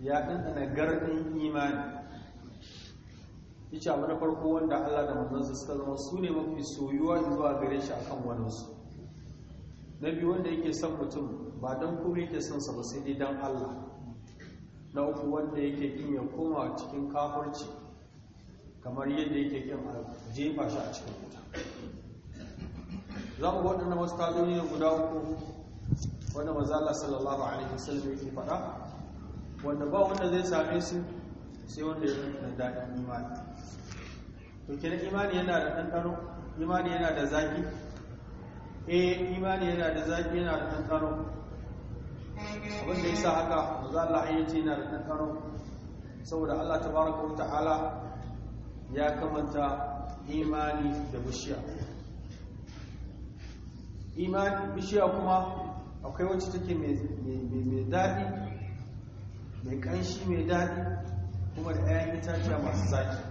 ya ɗanɗana garɗin imani yace abu na farko wanda Allah da manzansa suka zama su ne mafi soyuwa zuwa gare shi akan waninsu na biyu wanda yake son mutum ba don kuma yake son sa ba sai dai don Allah na uku wanda yake kin ya koma cikin kafirci kamar yadda yake kin a jefa shi a cikin wuta za mu waɗannan wasu tatsuniyoyi guda uku wanda Allah sallallahu alaihi wasallam yake faɗa wanda ba wanda zai same su sai wanda ya da imani to kenan imani yana da ɗanɗano imani yana da zaki. eh imani yana da zaki, yana da ɗanɗano wanda ya sa haka za Allah ya ce yana da ɗanɗano saboda Allah ta baraka wa ta'ala ya kamanta imani da bishiya imani bishiya kuma akwai wacce take mai daɗi mai ƙanshi mai daɗi kuma da 'ya'yan itaciya masu zaki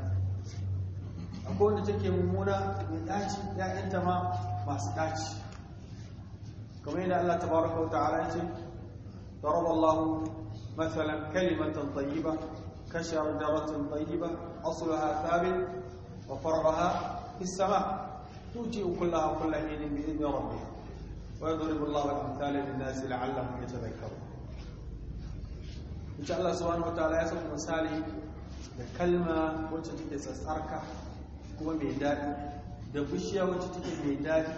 akwai wanda take mummuna mai ɗaci 'ya'yanta ma masu ɗaci kamar yadda Allah tabaraka wa ta'ala ya ce ضرب الله مثلا كلمة طيبة كشجرة طيبة أصلها ثابت وفرعها في السماء تؤتي كلها كل حين بإذن ربها ويضرب الله الأمثال للناس لعلهم يتذكرون ita Allah subhanahu wataala ya saka misali da kalma wacce take sassarka kuma mai daɗi da bishiya wacce take mai daɗi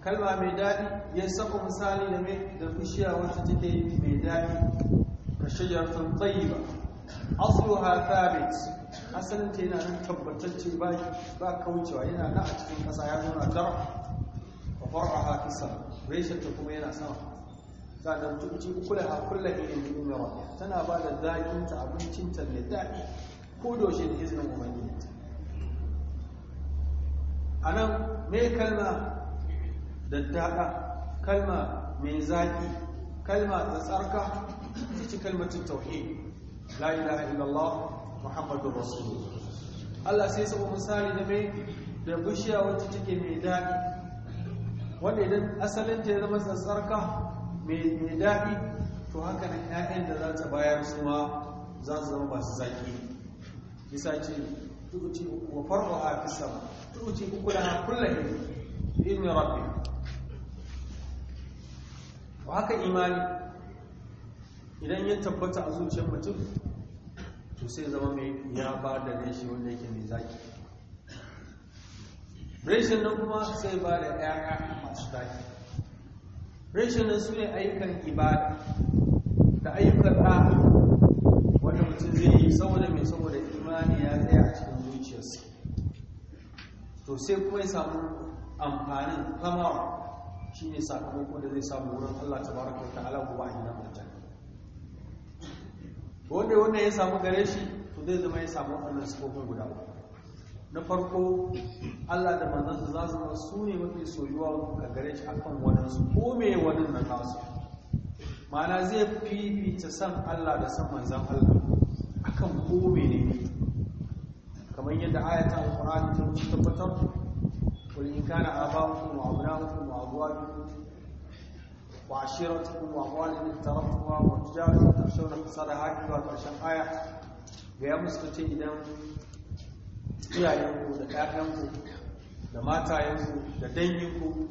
kalma mai daɗi ya saka misali da mai da bishiya wacce take mai daɗi ka ba. tsayiba ha thabit asalin ta yana nan tabbatacce ba ba kaucewa yana nan a cikin ƙasa ya zauna tar fa far'aha kisa reshen ta kuma yana sama sannan tuji kula a ne irin jin yawa tana ba da abincin ta mai daɗi ko doshe da izinin a nan mai kalma daddaɗa kalma mai zaƙi kalma ta tsarka ta ci kalmatin tauhi la ilaha illallah muhammadu rasulullah Allah sai sabo misali da mai da bishiya wacce take mai daɗi wanda idan asalin ta ya zama tsarka. mai daɗi to haka nan ƴaƴan da za ta bayar su ma za su zama masu zaki bisa ce tuci wa farko a fi sama tuci uku da kullum bi idni rabbi wa haka imani idan ya tabbata a zuciyar mutum to sai zama mai ya ba da reshi wanda yake mai zaki reshin nan kuma sai ba da ƴaƴa masu zaki reshen nan su ne ayyukan ibada da ayyukan ɗa'a wanda mutum zai yi saboda mai saboda imani ya tsaya a cikin zuciyarsa to sai kuma ya samu amfanin kamar shi ne sakamako da zai samu wurin allah ta baraka ta ala gobe a hinan aljanna wanda wanda ya samu gare shi to zai zama ya samu wannan sifofin guda uku na farko Allah da manzansa za su zama su ne mafi soyuwa a gare shi akan wadansu ko me wani na kasu ma'ana zai fifita san Allah da san manzan Allah akan ko me ne ne kamar yadda ayatan alquran ta tabbatar wani in kana aba'ukum wa abna'ukum wa azwajukum wa ashiratukum wa amwalun taraftuha wa tijaratun tashawna fasadaha wa tashan aya ga ya musu idan iyayenku da ƴaƴanku da matayenku da danginku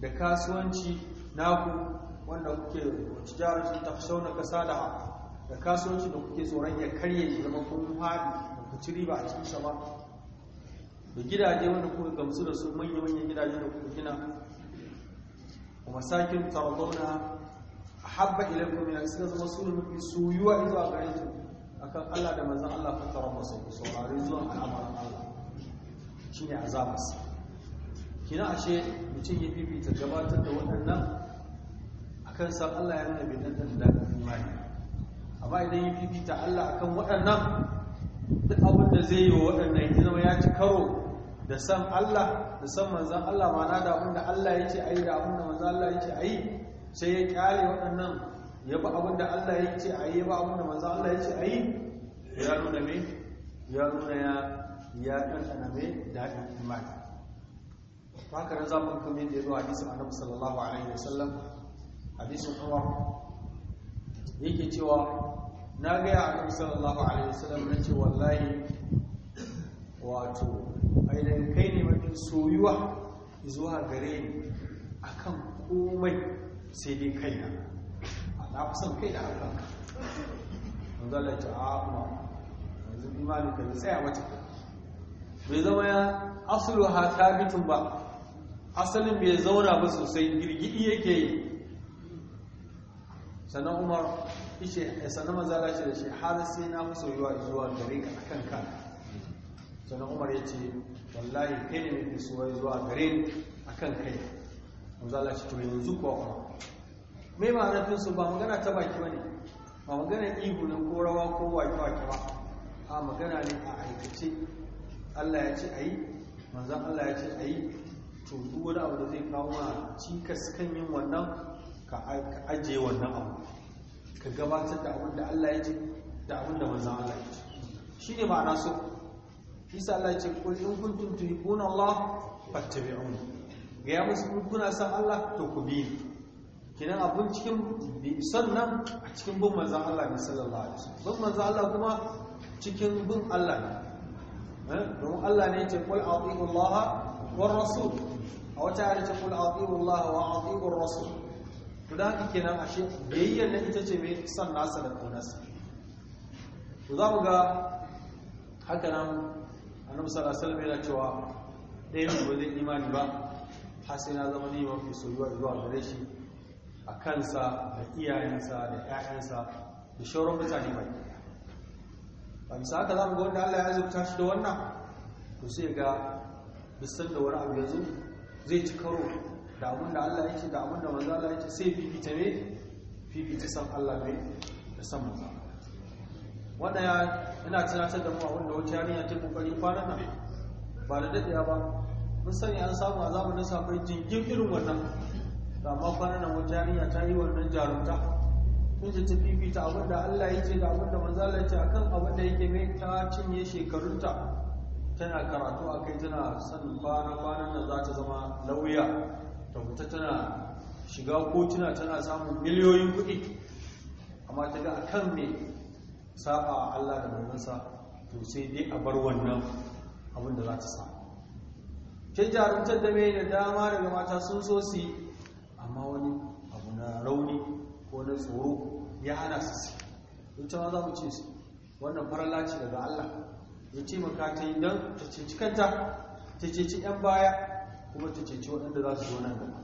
da kasuwanci naku wanda kuke tijaratun tafshauna kasa da da kasuwanci da kuke tsoron ya karye shi zama kuma haɗi da ku ci riba a cikin sa ba da gidaje wanda kuka gamsu da su manya-manyan gidaje da kuka gina kuma sakin tarzauna habba ilaikum min suka zama sulhu fi suyuwa zuwa gare A akan Allah da mazan Allah tarar masu ku shine azabas kina ashe mutum ya bibita gabatar da waɗannan a kan san Allah ya nuna bin da daɗin imani amma idan ya bibita Allah akan waɗannan duk abin da zai yi wa waɗannan ya zama ya ci karo da san Allah da san manzan Allah mana da abin da Allah ya ce a yi da abin da manzan Allah ya ce a yi sai ya kyale waɗannan ya ba abin da Allah ya ce a yi ya ba abin da manzan Allah ya ce a yi ya nuna me ya nuna ya ya ɗanɗana mai daɗin imani ta haka nan zamu kuma yadda ya zo hadisin annabi sallallahu alaihi wasallam hadisin umar yake cewa na gaya annabi sallallahu alaihi wasallam na ce wallahi wato ainihin kai ne mafi soyuwa zuwa gare ni akan komai sai dai kai na fi son kai da haka wanzu Manzo Allah ya ce a ah, kuma yanzu imanin ka zai tsaya mata bai zama ya asulu ha sabitun ba asalin bai zauna ba sosai girgidi yake yi sannan umar ishe sannan mazala shi da shi har sai na fi soyuwa zuwa gare ka akan ka sannan umar ya ce wallahi kai ne mafi soyuwa zuwa gare akan kai mazala shi to yanzu kuwa kuma mai ma'anatun su ba magana ta baki ba ne ba magana ihu na ko rawa ko wake-wake ba a magana ne a aikace Allah ya ce a yi manzan Allah ya ce a yi to duk wani abu da zai kawo ma cikas kan yin wannan ka ajiye wannan abu ka gabatar da abin da Allah ya ce da abin da manzan Allah ya ce shi ne ma'ana so isa Allah ya ce kul in kuntum tuhibbuna Allah fattabi'un ga ya musu kuna san Allah to ku bi kinan abun cikin sannan a cikin bin manzan Allah ne sallallahu alaihi wasallam bin manzan Allah kuma cikin bin Allah ne Eh? domin Allah ne ce kul ati'u Allah wa rasul a wata ayar ce kul ati'u Allah wa ati'u rasul to da haka kenan ashe biyayya na ita ce mai son nasa da kaunarsa to za mu ga haka nan annabi sallallahu alaihi wasallam cewa dai ba zai imani ba har sai na zama ne mafi soyuwa zuwa gare shi a kansa da iyayensa da 'ya'yansa da shauran mutane baki ba haka za mu ga wanda Allah ya azurta shi da wannan to sai ga bisan da wani abu yanzu zai ci karo da abun da Allah ya ce da abun da manzo Allah ya ce sai fifita ne fifita san Allah ne da san manzo wanda ina tunatar da mu abin da wata yarinya ta kokari kwanan nan ba da dadewa ba mun sani an samu a zamanin safai jingin irin wannan amma kwanan nan wata yarinya ta yi wannan jarumta sai ta fifita abin da Allah ya ce da abin da manzala ce akan abin da yake mai ta cinye shekarunta tana karatu a kai tana sanin kwana kwanan nan za ta zama lauya ta fita tana shiga kotuna tana samun miliyoyin kuɗi amma ta ga a kan me saba Allah da manzansa to sai dai a bar wannan abin da za ta sa ke jarumtar da mai da dama daga mata sun so su amma wani abu na rauni wannan tsoro ya hana su su ita ma za mu ce su wannan farala ce daga Allah ya taimaka ta yi don ta ceci kanta ta ceci 'yan baya kuma ta ceci waɗanda za su zo nan gaba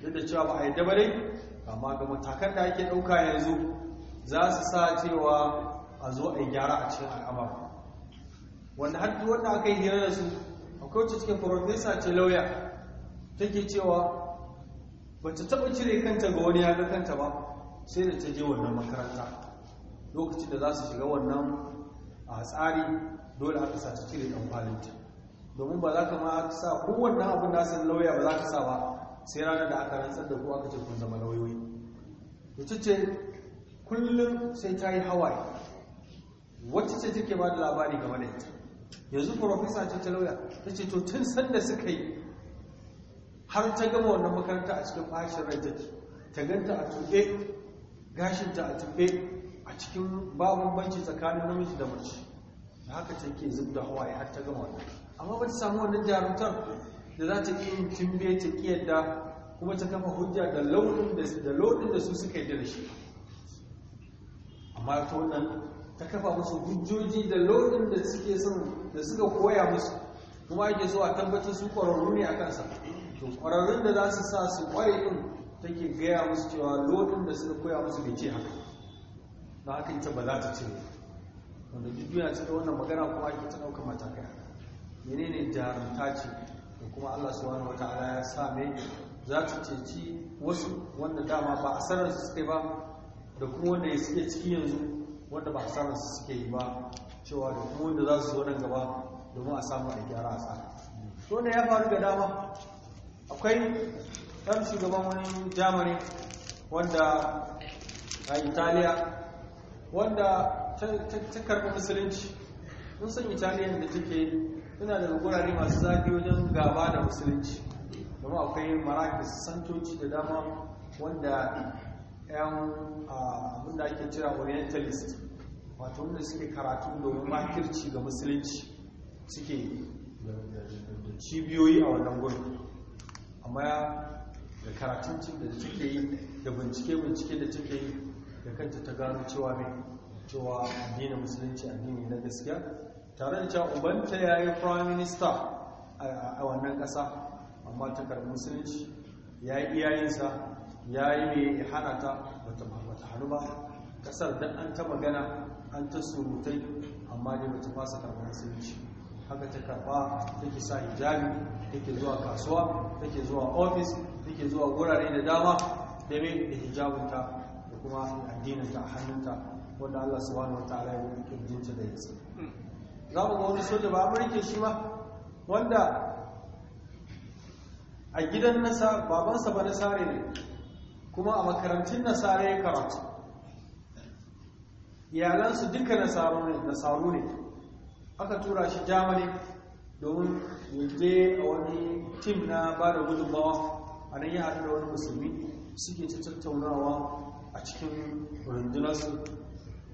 duk da cewa ba a yadda ba dai amma ga matakan da ake ɗauka yanzu za su sa cewa a zo a yi gyara a cikin al'amar wanda har wanda aka yi hira da su akwai wacce cikin farfesa ce lauya take cewa ba ta taɓa cire kanta ga wani ya ga kanta ba sai da ta je wannan makaranta lokacin da za su shiga wannan a tsari dole aka sa ta cire ɗan kwalinta domin ba za ka ma aka sa kowanne abin nasu lauya ba za ka sa ba sai ranar da aka rantsar da ku aka ce kun zama lauyoyi wacce ce kullum sai ta yi hawaye wacce ce take ba da labari game da ita yanzu profesa ce ta lauya ta ce to tun sanda suka yi har ta gama wannan makaranta a cikin fashin rai ta ganta a tuɗe gashinta a tafe a cikin babin banci tsakanin namiji da mace da haka ta ke zub da hawaye har ta gama wannan amma ba ta samu wannan jarumtar da za ta ƙin timbe ta yadda kuma ta kafa hujja da launin da launin da su suka yi da shi amma ta wannan ta kafa musu hujjoji da launin da suke son da suka koya musu kuma ake so a tabbatar su ƙwararru ne a kansa to ƙwararrun da za su sa su kware ɗin take gaya musu cewa lodin da suka koya musu bai ce haka ba haka ita ba za ta ce wanda duk duniya ta wannan magana kuma ake ta ɗaukar matakai menene jarumta ce da kuma Allah subhanahu wataala ya sa mai za ta ceci wasu wanda dama ba a sanar su suke ba da kuma wanda suke ciki yanzu wanda ba a sanar su suke yi ba cewa da kuma wanda za su zo nan gaba domin a samu a gyara a tsara to ne ya faru da dama akwai ɗan shugaban wani jamani wanda a italiya wanda ta karɓi musulunci mun san italiya da take tana da gurare masu zafi wajen gaba da musulunci domin akwai marakis santoci da dama wanda 'yan abinda ake cira orientalist wato wanda suke karatu domin makirci ga musulunci suke cibiyoyi a wannan gurin amma da karatun da take yi da bincike-bincike da take yi da kanta ta gano cewa mai cewa addinin musulunci addini na gaskiya tare da cewa ubanta ya yi prime minister a wannan ƙasa amma ta karɓi musulunci ya yi iyayensa ya yi mai hana ta bata bata hannu ba ƙasar da an ta magana an ta surutai amma ne bata fasa karɓar musulunci haka ta karɓa take sa hijabi take zuwa kasuwa take zuwa ofis take zuwa gurare da dama da mai da hijabinta da kuma addininta a hannunta wanda Allah subhanahu wa ta'ala ya yi kirjinta da yasa za mu ga wani soja ba amurke shi ba wanda a gidan nasa babansa ba nasare ne kuma a makarantun nasare ya karatu iyalansu duka nasaru ne aka tura shi jamani domin yaje a wani tim na ba da gudunmawa a nan ya haɗu da wani musulmi suke ta tattaunawa a cikin rundunarsu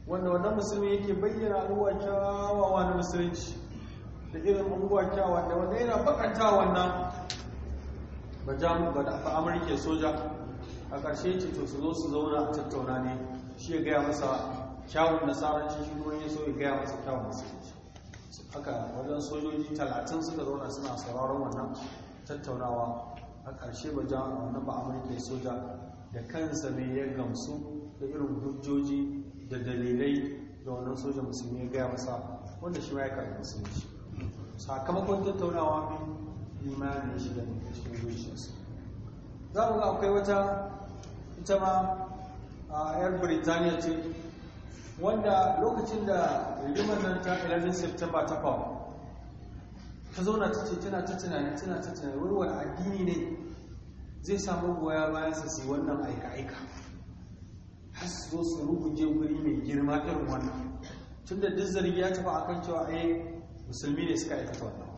wanda wannan musulmi yake bayyana abubuwa kyawawa na musulunci da irin abubuwa kyawawa da wanda yana bakanta wannan ba mu ba da amurke soja a ƙarshe ce to su zo su zauna a tattauna ne shi ya gaya masa kyawun nasaranci shi ruwan ya so ya gaya masa kyawun musulunci haka wajen sojoji talatin suka zauna suna sauraron wannan tattaunawa a ƙarshe ba jan a wani ba'amurka soja da kansa ne ya gamsu da irin hujjoji da dalilai da wannan soja musulmi ya gaya masa wanda shi ma ya karɓi musulunci sakamakon tattaunawa mai imanin shi da cikin zuciyarsa za mu ga akwai wata ita ma a yar birtaniya ce wanda lokacin da rigimar nan ta 11 september ta faru ta zauna ta ce tana ta tunani tana ta tunani wani wani addini ne zai samu goya bayan su su wannan aika-aika har su zo su je guri mai girma irin wannan tun da duk zargi ya tafi akan cewa eh musulmi ne suka aikata wannan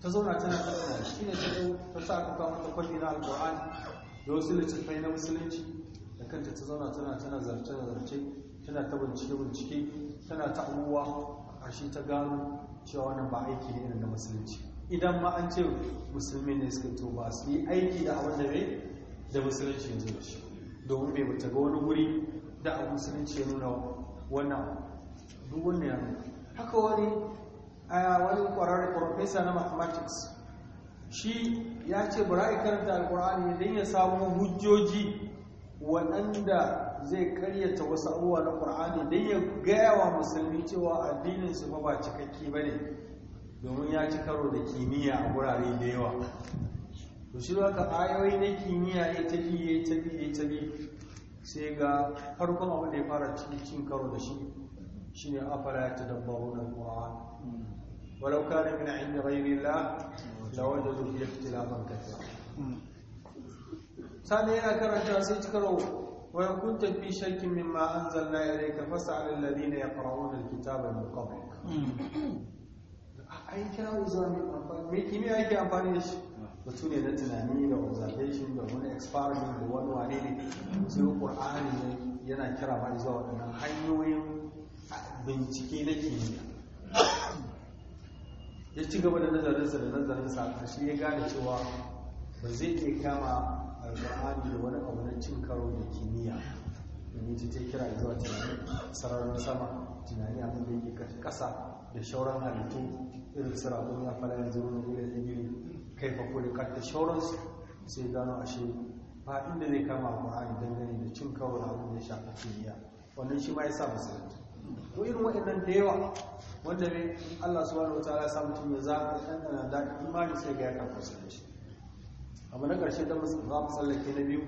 ta zauna tana ta tunani shi ne ta sa aka kawo ta kwalli na alƙur'ani da wasu littattafai na musulunci da kanta ta zauna tana tana zarce zarce tana ta bincike bincike tana ta abubuwa a shi ta gano cewa wannan ba aiki ne irin na musulunci idan ma an ce musulmi ne suka to ba su yi aiki da abin da bai da musulunci yanzu zo shi domin bai bata ga wani wuri da a musulunci ya nuna wannan duk wannan ya nuna haka wani a wani profesa na mathematics shi ya ce bari karanta alkur'ani don ya samu hujjoji waɗanda zai karyata wasu abubuwa na ƙur'ani don ya gaya wa musulmi cewa addinin su ba cikakke ba ne domin ya ci karo da kimiyya a wurare da yawa to shi ka ayoyi na kimiyya ya tafi ya tafi ya tafi sai ga farkon abu da ya fara cikin karo da shi shine afala ya ta dabbaru na ƙur'ani walau kana min inda ghairillah lawajadu fi ikhtilafan kathira sani yana karanta sai ci karo وإن كنت في شك مما أنزلنا إليك فاسأل الذين يقرؤون الكتاب من قبلك ai kira uzami amfani me kimiyya yake amfani da shi batu ne na tunani da observation da wani experiment da wani wane ne sai qur'ani yana kira ma zuwa waɗannan hanyoyin bincike na kimiyya ya ci gaba da nazarinsa da nazarinsa a shi ya gane cewa ba zai iya kama alƙur'ani da wani abu na cin karo da kimiyya domin ta kira zuwa tunanin sararin sama tunani abin da yake ƙasa da shauran halittu irin su rabon fara yanzu wani irin igiri kai fako da kata shauransu sai gano ashe ba inda zai kama a dangane da cin karo da abin da ya shafi kimiyya wannan shi ma ya sa musulunci ko irin waɗannan da yawa wanda ne Allah subhanahu wataala ya sa mutum ya zaɓa ɗanɗana daɗin imani sai ga ya kafa shi. abu na ƙarshe da za a tsallake na biyu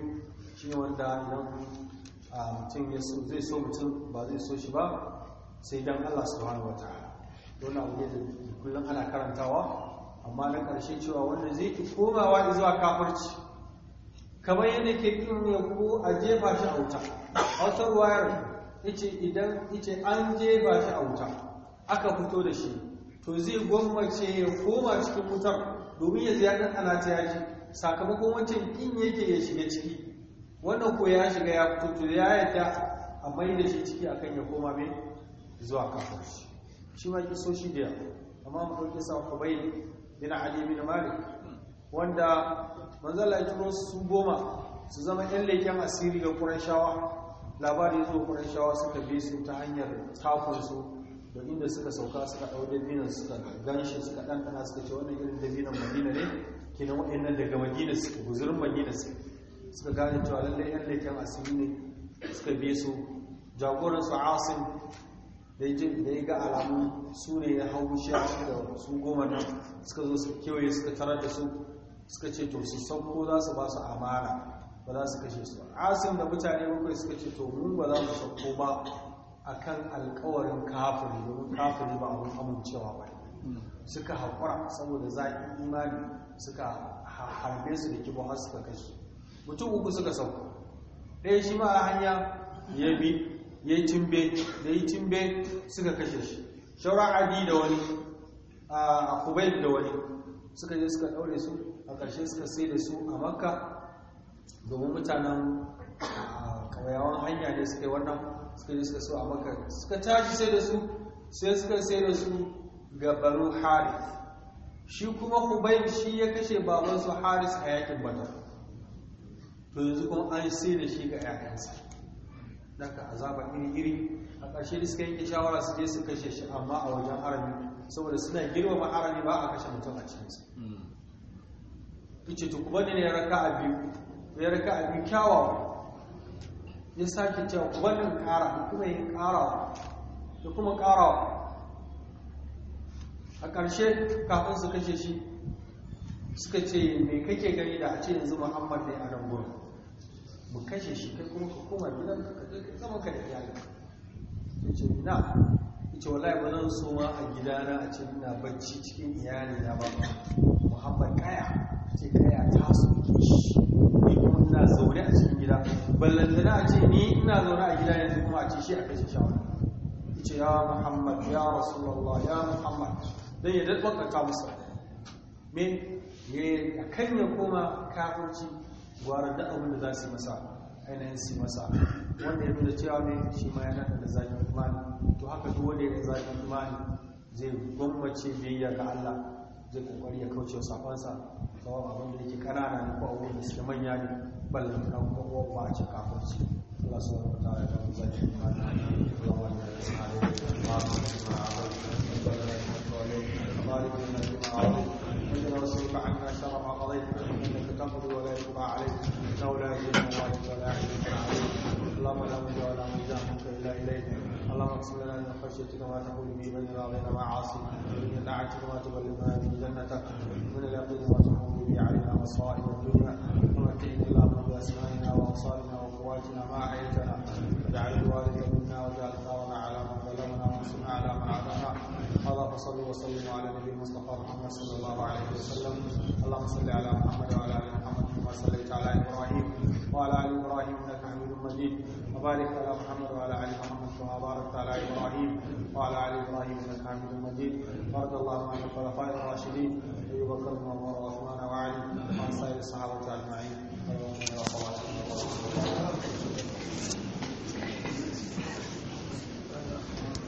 shi wanda idan mutum zai so mutum ba zai so shi ba sai dan Allah su wa wata don abu ne da kullum ana karantawa amma na ƙarshe cewa wanda zai ki komawa zuwa kafarci kamar yadda ke ƙin ya ko a jefa shi a wuta a wata ruwayar ice idan ice an jefa shi a wuta aka fito da shi to zai gwammace ya koma cikin wutar domin ya ziyartar ana ta yaji sakamakon wancan kin yake ya shiga ciki wannan ko ya shiga ya fito ya yadda a mai da shi ciki akan ya koma mai zuwa kafar shi shi ma kiso shi da amma mu ɗauki sa bai bin ali bin malik wanda manzala ya turo su goma su zama yan leken asiri ga qurayshawa labarin zo qurayshawa suka bi su ta hanyar takon su da inda suka sauka suka dauke dabinan suka ganshi suka dan suka ce wannan irin dabinan madina ne kenan waɗannan daga madina suka guzurin madina suka gane cewa lallai yan laifin asiri ne suka biya su jagoran su asim da ya ga alamu su ne ya hau shi a cikin da su goma nan suka zo su kewaye suka tarar da su suka ce to su ko za su ba su amara ba za su kashe su asim da mutane bakwai suka ce to mu ba za mu sauko ba akan alkawarin kafin domin kafin ba mun amincewa ba ne suka haƙura saboda zaƙi imani suka harbe su da kibon har suka kashi mutum uku suka sauka ɗaya shi ma a hanya ya bi ya yi timbe da yi timbe suka kashe shi shaura adi da wani a kubai da wani suka je suka ɗaure su a ƙarshe suka sai da su a makka domin mutanen kawayawan hanya ne suka yi wannan suka je suka so a makka suka tashi sai da su sai suka sai da su ga banu haris shi kuma hubaib shi ya kashe babansu haris a yakin badar to yanzu kuma an sai da shi ga 'ya'yansa daga azaba iri-iri a ƙarshe da suka yanke shawara su je su kashe shi amma a wajen harami saboda suna girmama harami ba a kashe mutum a cikinsa ice hmm. to kuma ne ya raka a biyu ya raka a biyu kyawa ya sake cewa kuma ne ƙara kuma yin ƙarawa kuma ƙarawa a ƙarshe kafin su kashe shi suka ce mai kake gani da a ce yanzu muhammad ne a rangon mu kashe shi kai kuma ka koma gidan ka zama ka da iyali ya ce na ya ce wallahi ba zan so ma a gida na a ce ina bacci cikin iyali na ba muhammad kaya ce kaya ta soke ni kuma ina zaune a cikin gida ballantana a ce ni ina zaune a gida yanzu kuma a ce shi a kashe shawara ya ce ya muhammad ya rasulallah ya muhammad don ya daɗaɗɗaka musu min ya kan ya koma kafinci gwara da abin da za su masa ainihin su masa wanda ya nuna cewa ne shi ma yana da zafin imani to haka duk wanda ya zafin imani zai gwammace biyayya ga Allah zai kokari ya kauce safansa sawa abin da yake kanana ne ko abubuwan da suke manya ne ballan na kuma ba a cikin kafinci Allah subhanahu wa ta'ala ya zafin imani Allah ya tsare da الظالم لا يزيد عليك اللهم لا ملجا الا اليك اللهم اقسم لنا من خشيتك ما تحول به بيننا وبين معاصيك من طاعتك ما تبلغنا به جنتك من اليقين ما تقوم به علينا مصائب الدنيا ومتعنا اللهم وصلوا وسلموا على نبي المصطفى محمد صلى الله عليه وسلم اللهم صل على محمد وعلى ال محمد كما صليت على ابراهيم وعلى ال ابراهيم انك حميد مجيد وبارك على محمد وعلى ال محمد كما باركت على ابراهيم وعلى ال ابراهيم انك حميد مجيد بارك الله عن الخلفاء الراشدين ابي بكر وعمر وعثمان وعلي وعن سائر الصحابه اجمعين